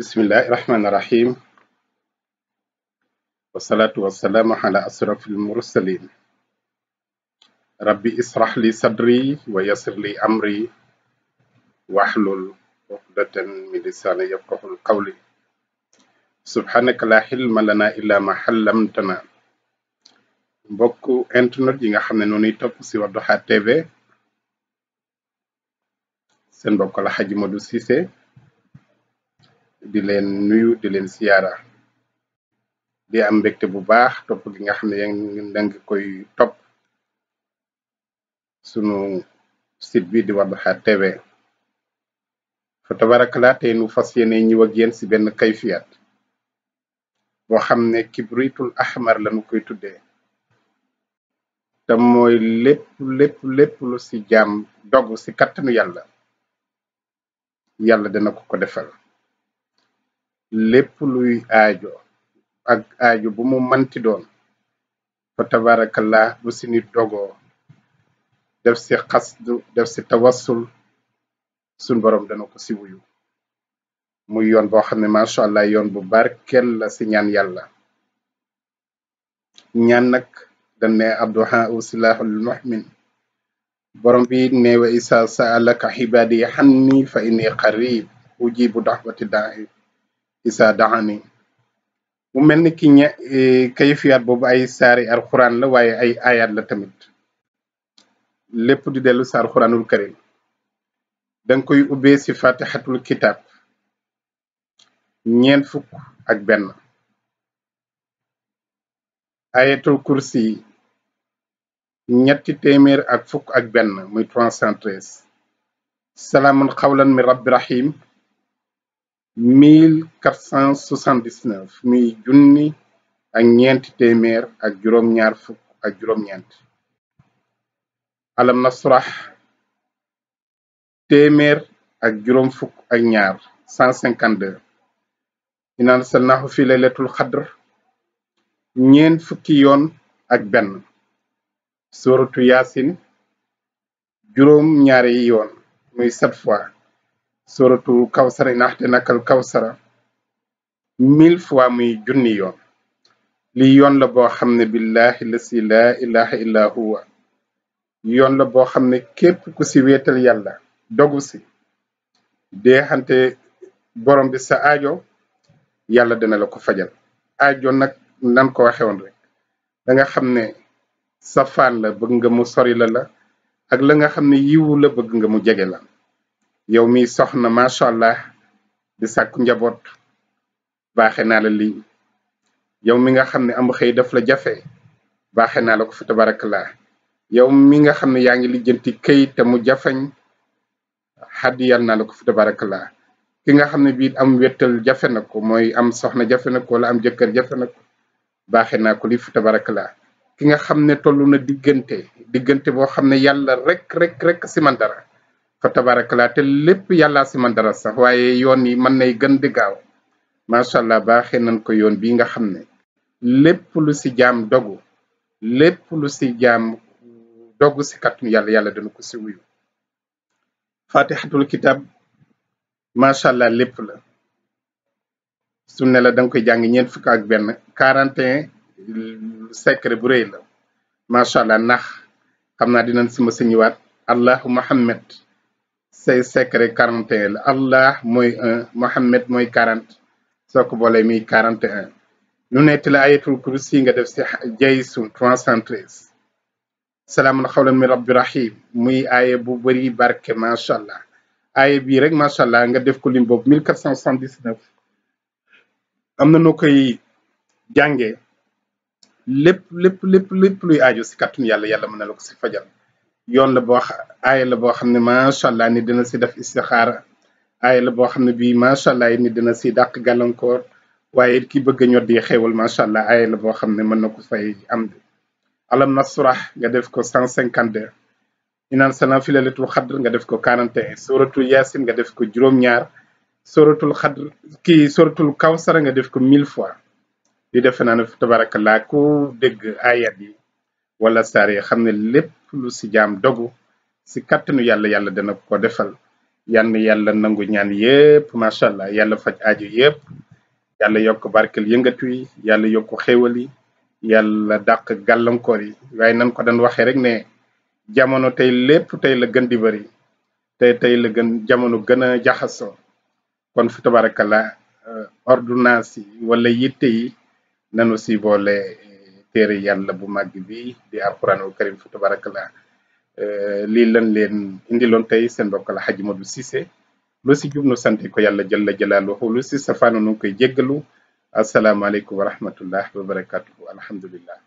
بسم الله الرحمن الرحيم والصلاة والسلام على أشرف المرسلين ربي اسرح لي صدري ويسر لي أمري واحلل عقدة من لساني يفقه القول سبحانك لا حلم لنا إلا ما حلمتنا بوكو انترنت جيغا خامن نوني توك سي ودوها تي في سن بوكو الحاج مودو سيسي di nuu nuyu di len siara di am mbégte bu baax top gi nga xamné ne koy top sunu sit bi di Wadduha TV fa tay nu fasiyene ñi wak yeen ci ben kayfiyat bo xamné kibritul ahmar lañu koy tuddé tam moy lepp lepp lepp lu si jam dogu si katanu yalla yalla dana ko ko defal lépp luy aajo ak aajo bu mu manti doon fa tabarakallah bu si nit dogoo def si xasdu def si tawassul sun borom dana ko si wuyu muy yoon boo xam ne macha allah yoon bu barkel la si ñaan yàlla ñaan nag dañ ne adduha u silahul mu'min borom bi ne wa isa saalaka xibaadi xanni fa inni qarib ujibu daxwati daa'i isa daani mu mel ni ki ñe kayfiyaat boobu ay saari alxuraan la waaye ay ayaat la tamit lépp di dellu sa alxuraanul karim danga koy ubbee si fatihatul kitab ñeent fukk ak benn ayatul kursi ñetti téeméer ak fukk ak benn muy 313 salaamun xawlan min rabbi mille quatre cent soixante dix neuf muy junni ak ñeenti téeméer ak juróom-ñaar fukk ak juróom-ñeent alam nasrah téeméer ak juróom fukk ak ñaar cent cinquante deux inna anzalnahu fi laylatul xadr ñeent fukki yoon ak benn suratu yaasin juróom ñaari yoon muy sept fois suratu kawsara ndaxte nakal kawsara mille fois muy junni yoon lii yoon la boo xam ne billahi la si laa ilaha illa huwa yoon la boo xam ne képp ku si wéetal yàlla dogu si deexante borom bi sa aajo yàlla dina la ko fajal aajo nag nan ko waxe woon rek da nga xam ne safaan la bëgg nga mu sori la la ak la nga xam ne yiwu la bëgg nga mu jege la yow mi soxna macha allah di sàkku njaboot baaxe naa la lii yow mi nga xam ne am xëy daf la jafe baaxe naa la ko fi tabarakallah yow mi nga xam ne yaa ngi lijjanti këy te mu jafeñ xaddiyal naa la ko fi tabarakallah ki nga xam ne bii am wéttal jafe na ko mooy am soxna jafe na ko wala am jëkkër jafe na ko baaxe naa ko lii fi tabarakallah ki nga xam ne toll na diggante diggante boo xam ne yàlla rek rek rek si man dara fa tabarakala te lepp yalla si man dara sax waye yoon yi man nay gën di gaaw sha allah baaxee nañ ko yoon bi nga xamné lepp lu si jam dogu lepp lu si jam dogu si kàttanu yalla yalla dañ ko si wuyu fatihatul kitab sha allah lepp la sunna la da koy jang ñen fuk ak ben 41 secret bu reey la sha allah nax xamna dinañ suma señu wat allahu muhammad say سكري quarante الله موي محمد موي mooy سوكو بولاي مي quarante نو نيت لا ايت الكرسي et un ñu nettali ayatul kursi nga def si jaysu trois cent treize salaamun xawlan min rabbi rahim muy aaye bu ما شاء الله allah aaye bii rek macha allah nga def ko lim boobu mille quatre cent soixante lépp lépp lépp lépp luy aju ci kàttanu yàlla yàlla manalako ci la يون لبوا خ آية لبوا خم نما شاء الله ندنا سيدف استخارة آية لبوا خم نبي ما شاء الله ندنا سيدق قلن كور وايد كي بغن يودي خيول ما شاء الله آية لبوا خم نما نكو فاي أمد ألم نصرة غدف كو سن كندر إن سنة في ليلة الخدر غدف كو كارنتة سورة ياسين غدف كو جروم يار سورة الخدر كي سورة الكوثر غدف كو ميل فوا يدفن في تبارك الله كو دق آية دي wala saar yi xam ne lépp si jaam dogu si kàttanu yàlla yàlla dana ko defal yann yàlla nangu ñaan yépp macha allah yàlla faj aaju yépp yàlla yokk barkel yëngatu yi yàlla yokk xéewal yi yàlla dàq gàllankoor yi waaye nan ko daan waxee rek ne jamono tey lépp tey la gën di bëri tey tey la gën jamono gën a jaxasoo kon fi tabarakallah euh, ordonnance yi wala yitte yi nanu si téere yàlla bu màgg bi di alquranul karim fa tabarakallah lii lan leen indiloon tey seen mbokk la Hadj Modou Cissé lu si jub nu sant ko yàlla jalla jalaaluhu lu si safaanu nu koy jéggalu asalaamaaleykum wa rahmatullah wa barakatuhu alhamdulillah